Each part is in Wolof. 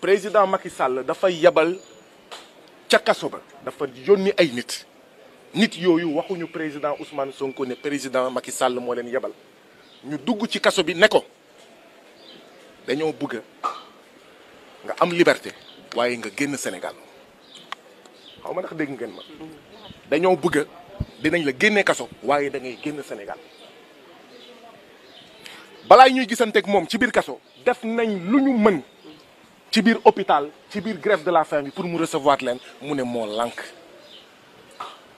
président Macky sàll dafa yebal ca kaso ba dafa yónni ay nit nit yooyu waxuñu président Ousmane Sonko ne président Macky sàll moo leen yebal ñu dugg ci kaso bi ne ko dañoo bëgg nga am liberté waaye nga génn Sénégal xaw ma ndax dégg ngeen ma dañoo bëgg dinañ la génne kaso waaye da ngay génn Sénégal balaa ñuy gisanteeg moom ci biir kaso def nañ lu ñu mën. ci biir hôpital ci biir grève de la faim bi pour mu recevoir leen mu ne moo lànk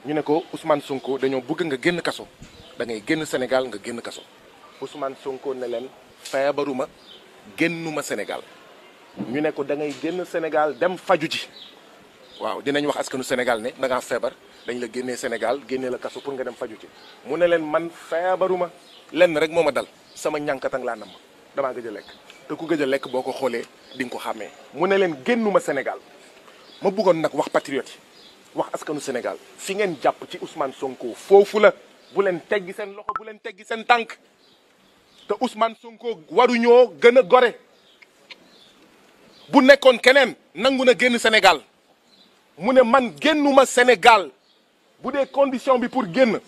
ñu ne ko Ousmane Sonko dañoo bëgg nga génn kaso da ngay génn Sénégal nga génn kaso Ousmane Sonko ne leen feebaruma génnuma Sénégal ñu ne ko da ngay génn Sénégal dem faju ji waaw dinañ wax askanu Sénégal ne da ngaa feebar dañ la génnee Sénégal génnee la kaso pour nga dem faju ji mu ne leen man feebaruma lenn rek moo ma dal sama ñànkatang laa nam damaa gëj a lekk te ku gëj a lekk boo ko xoolee di nga ko xàmmee mu ne leen génnuma Sénégal ma buggoon nag wax patriote wax askanu Sénégal fi ngeen jàpp ci Ousmane Sonko foofu la bu leen teggi seen loxo bu leen teggi seen tànk te Ousmane Sonko waruñoo gën a gore bu nekkoon keneen nangu na génn Sénégal mu ne man génnuma Sénégal bu dee condition bi pour génn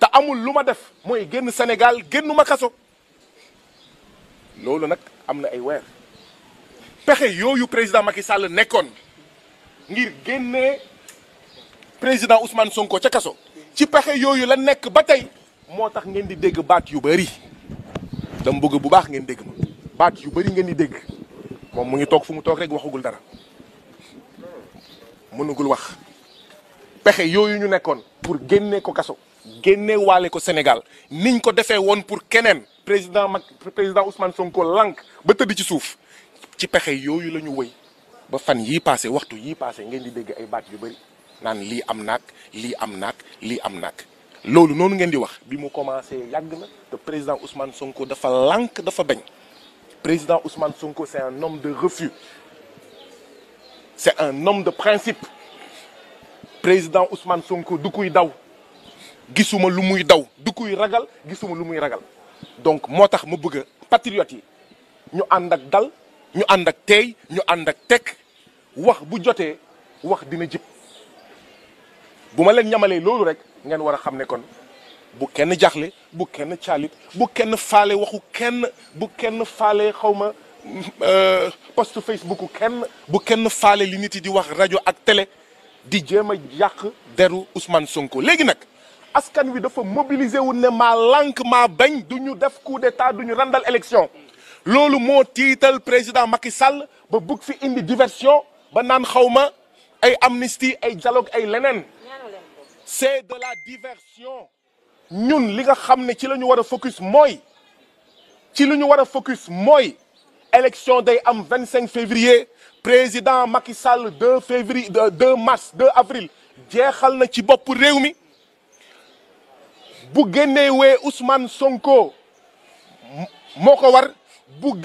te amul lu ma def mooy génn Sénégal génnuma kaso lolu nak amna ay weer pexé yoyu président Macky Sall nekkoon ngir génné président Ousmane Sonko ci kasso ci pexé yoyu la nekk ba tey moo tax ngeen di dégg baat yu bari dam bëgg bu baax ngeen dégg ma baat yu bari ngeen di dégg mom mu ngi tok fu mu tok rek waxugul dara mënugul wax pexé yoyu ñu pour génné ko kaso génné walé ko Sénégal niñ ko défé won pour kenen président président Ousmane Sonko lank ba teud ci souf ci pexe yoyu lañu wëy ba fan yi passé waxtu yi passé ngeen di dégg ay baat yu bari nan li am nak li am nak li am nak nonu ngeen di wax bi mu commencé yag na te président Ousmane Sonko dafa lank dafa bañ président Ousmane Sonko c'est un homme de refus c'est un homme de principe président Ousmane Sonko du kuy daw gisuma lu muy daw du kuy ragal gisuma lu muy ragal donc nous, je ma bëgg nous patriotes dal ñu ànd ak nous ñu tek, wax bu joté, wax dina Buma rek ngeen war a kon bu kenn jaxlé, bu kenn bu kenn euh, post Facebooku kenn bu kenn falé li nit di wax radio ak télé di jema deru Ousmane Sonko askan wi dafa mobiliser wu ne ma lank ma bañ duñu def coup d'état duñu randal élection lolu mo tital président Macky Sall ba bugg fi indi diversion ba nan xawma ay amnistie ay dialogue ay lenen c'est de la diversion ñun li nga xamné ci lañu wara focus moy ci lu wara focus moy élection day am 25 février président Macky Sall 2 février 2 mars 2 avril jéxal na ci bop réew mi bu Ousmane Sonko moko war bu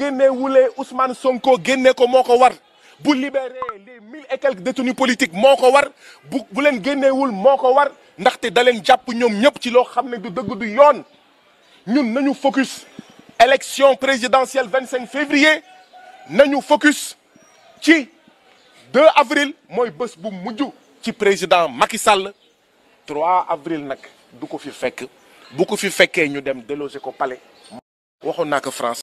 Ousmane Sonko génne ko moko war bu libérer les mille et quelques détenus politiques moko war bu len leen génnewul moo war ndaxte da leen jàpp ñoom ñëpp ci lo xamné du dëgg du yoon ñun nañu focus élection présidentielle 25 février nañu focus ci 2 avril moy bëss bu mujj ci président Macky Sall 3 avril nak du ko fi fekk bu ko fi fekkee ñu dem délogé ko pale waxoon naa France